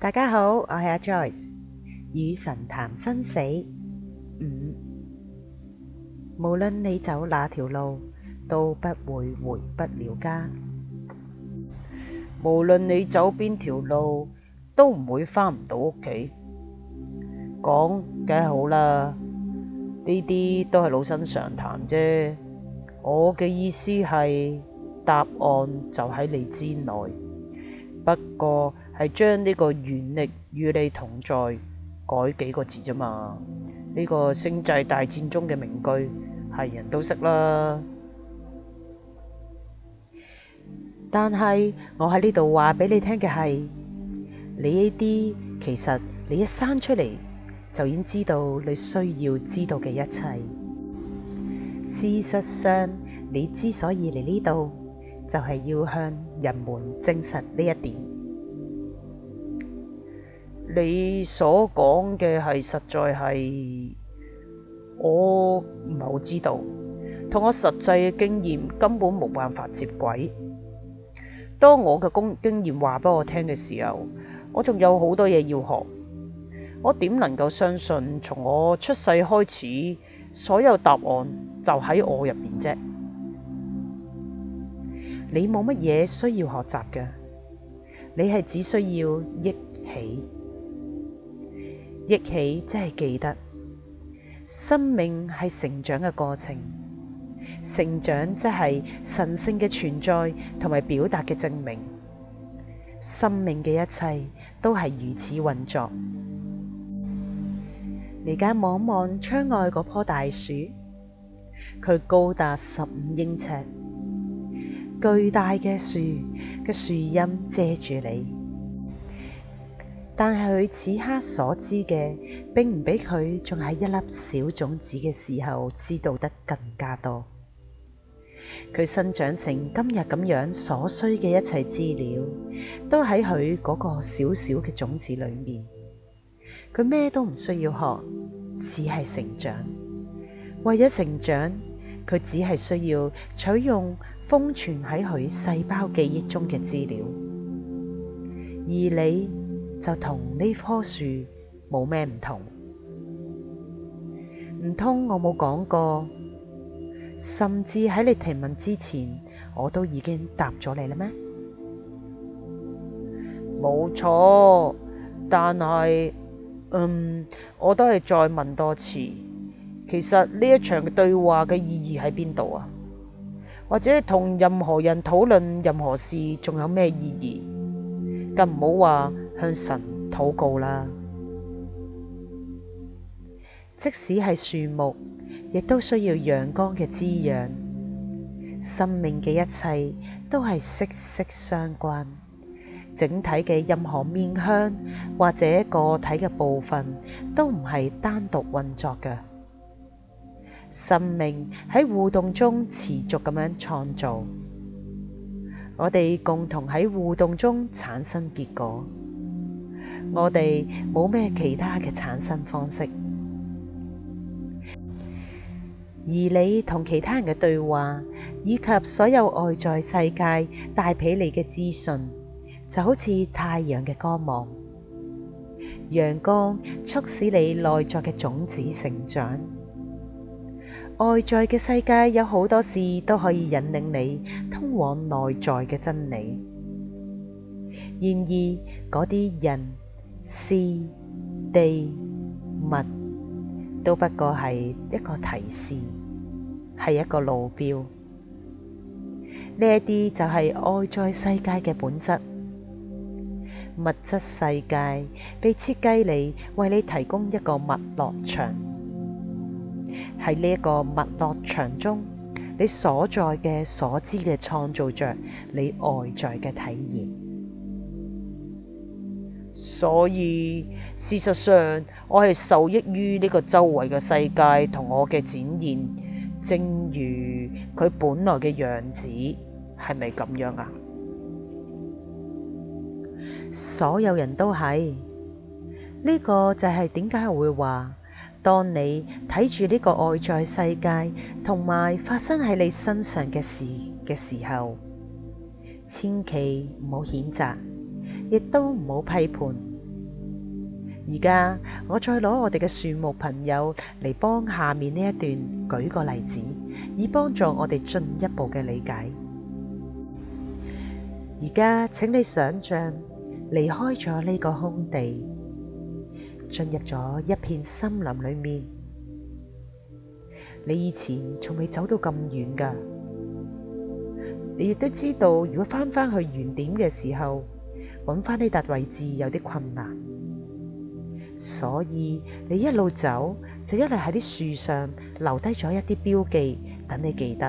大家好，我係阿 Joyce，與神談生死五，無論你走哪條路，都不會回不了家；無論你走邊條路，都唔會返唔到屋企。講梗係好啦，呢啲都係老生常談啫。我嘅意思係答案就喺你之內，不過，係將呢個原力與你同在改幾個字啫嘛？呢個星際大戰中嘅名句，係人都識啦。但係我喺呢度話俾你聽嘅係，你呢啲其實你一生出嚟就已經知道你需要知道嘅一切。事實上，你之所以嚟呢度，就係要向人們證實呢一點。你所講嘅係，實在係我唔係好知道，同我實際嘅經驗根本冇辦法接軌。當我嘅工經驗話俾我聽嘅時候，我仲有好多嘢要學。我點能夠相信從我出世開始，所有答案就喺我入邊啫？你冇乜嘢需要學習嘅，你係只需要憶起。憶起即係記得，生命係成長嘅過程，成長即係神聖嘅存在同埋表達嘅證明。生命嘅一切都係如此運作。而家望望窗外嗰棵大樹，佢高達十五英尺，巨大嘅樹嘅樹蔭遮住你。但係佢此刻所知嘅，並唔比佢仲喺一粒小種子嘅時候知道得更加多。佢生長成今日咁樣所需嘅一切資料，都喺佢嗰個小小嘅種子裏面。佢咩都唔需要學，只係成長。為咗成長，佢只係需要採用封存喺佢細胞記憶中嘅資料，而你。就同呢棵樹冇咩唔同，唔通我冇講過，甚至喺你提問之前，我都已經答咗你啦咩？冇錯，但係，嗯，我都係再問多次。其實呢一場對話嘅意義喺邊度啊？或者同任何人討論任何事，仲有咩意義？更唔好話。向神禱告啦！即使係樹木，亦都需要陽光嘅滋養。生命嘅一切都係息息相關，整體嘅任何面向或者個體嘅部分，都唔係單獨運作嘅。生命喺互動中持續咁樣創造，我哋共同喺互動中產生結果。我哋冇咩其他嘅產生方式，而你同其他人嘅對話，以及所有外在世界帶俾你嘅資訊，就好似太陽嘅光芒。陽光促使你內在嘅種子成長。外在嘅世界有好多事都可以引領你通往內在嘅真理。然而嗰啲人。事、地、物都不過係一個提示，係一個路標。呢一啲就係外在世界嘅本質。物質世界被設計嚟為你提供一個物落場。喺呢一個物落場中，你所在嘅所知嘅創造着你外在嘅體驗。所以事實上，我係受益於呢個周圍嘅世界同我嘅展現，正如佢本來嘅樣子，係咪咁樣啊？所有人都係呢個就係點解我會話？當你睇住呢個外在世界同埋發生喺你身上嘅事嘅時候，千祈唔好譴責，亦都唔好批判。而家我再攞我哋嘅樹木朋友嚟幫下面呢一段舉個例子，以幫助我哋進一步嘅理解。而家請你想象離開咗呢個空地，進入咗一片森林裏面。你以前從未走到咁遠噶，你亦都知道如果翻返去原點嘅時候，揾翻呢笪位置有啲困難。所以你一路走，就一路喺啲樹上留低咗一啲標記，等你記得。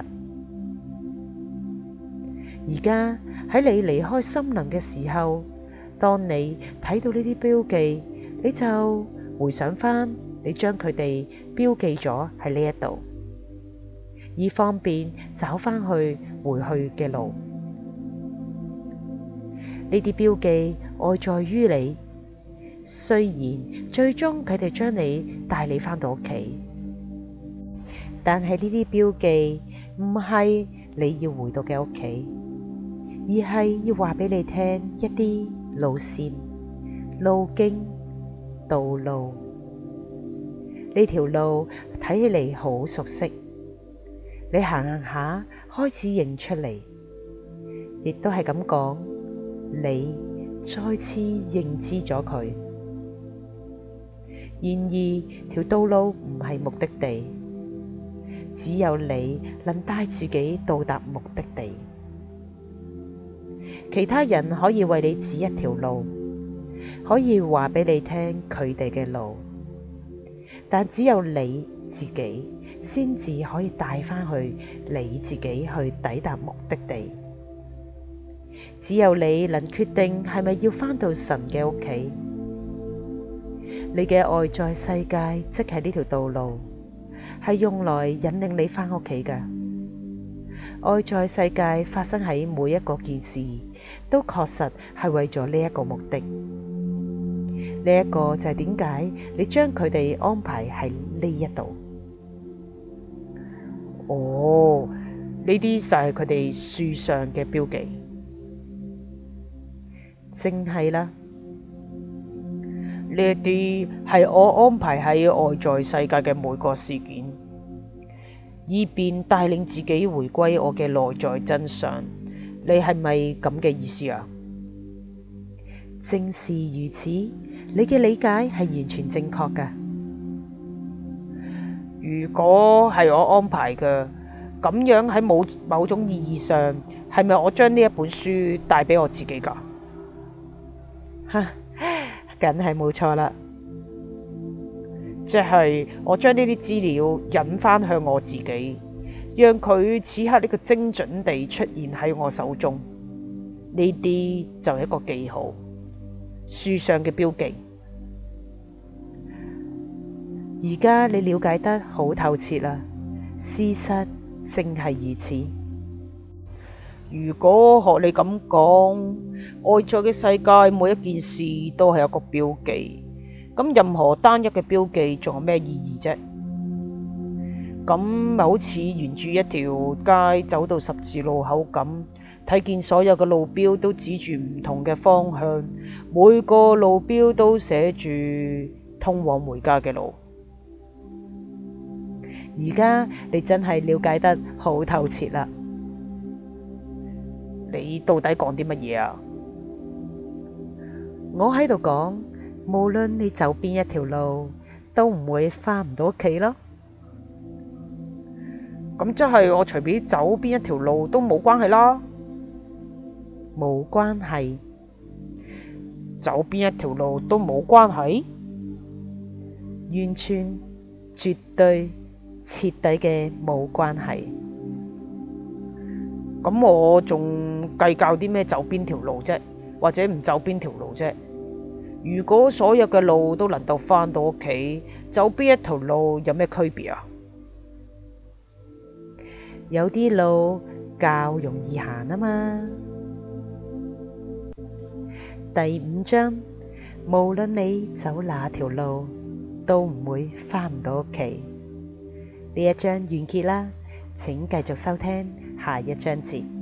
而家喺你離開森林嘅時候，當你睇到呢啲標記，你就回想翻你將佢哋標記咗喺呢一度，以方便找翻去回去嘅路。呢啲標記愛在於你。雖然最終佢哋將你帶你返到屋企，但係呢啲標記唔係你要回到嘅屋企，而係要話俾你聽一啲路線、路徑、道路。呢條路睇起嚟好熟悉，你行行下開始認出嚟，亦都係咁講，你再次認知咗佢。然而條道路唔係目的地，只有你能帶自己到達目的地。其他人可以為你指一條路，可以話俾你聽佢哋嘅路，但只有你自己先至可以帶翻去你自己去抵達目的地。只有你能決定係咪要翻到神嘅屋企。你嘅外在世界，即係呢條道路，係用來引領你翻屋企嘅。外在世界發生喺每一個件事，都確實係為咗呢一個目的。呢一個就係點解你將佢哋安排喺呢一度。哦，呢啲就係佢哋書上嘅標記，正係啦。呢啲係我安排喺外在世界嘅每個事件，以便帶領自己回歸我嘅內在真相。你係咪咁嘅意思啊？正是如此，你嘅理解係完全正確㗎。如果係我安排嘅，咁樣喺某某種意義上，係咪我將呢一本書帶俾我自己噶？吓？梗係冇錯啦，即係、就是、我將呢啲資料引返向我自己，讓佢此刻呢個精準地出現喺我手中，呢啲就係一個記號，書上嘅標記。而家你了解得好透徹啦，事實正係如此。如果學你咁講，外在嘅世界每一件事都係有個標記，咁任何單一嘅標記仲有咩意義啫？咁好似沿住一條街走到十字路口咁，睇見所有嘅路標都指住唔同嘅方向，每個路標都寫住通往回家嘅路。而家你真係了解得好透徹啦！你到底講啲乜嘢啊？我喺度講，無論你走邊一條路，都唔會翻唔到屋企咯。咁即係我隨便走邊一條路都冇關係啦，冇關係，走邊一條路都冇關係，完全絕對徹底嘅冇關係。咁我仲。計較啲咩？走邊條路啫，或者唔走邊條路啫？如果所有嘅路都能夠返到屋企，走邊一條路有咩區別啊？有啲路較容易行啊嘛。第五章，無論你走哪條路，都唔會返唔到屋企。呢一章完結啦，請繼續收聽下一章節。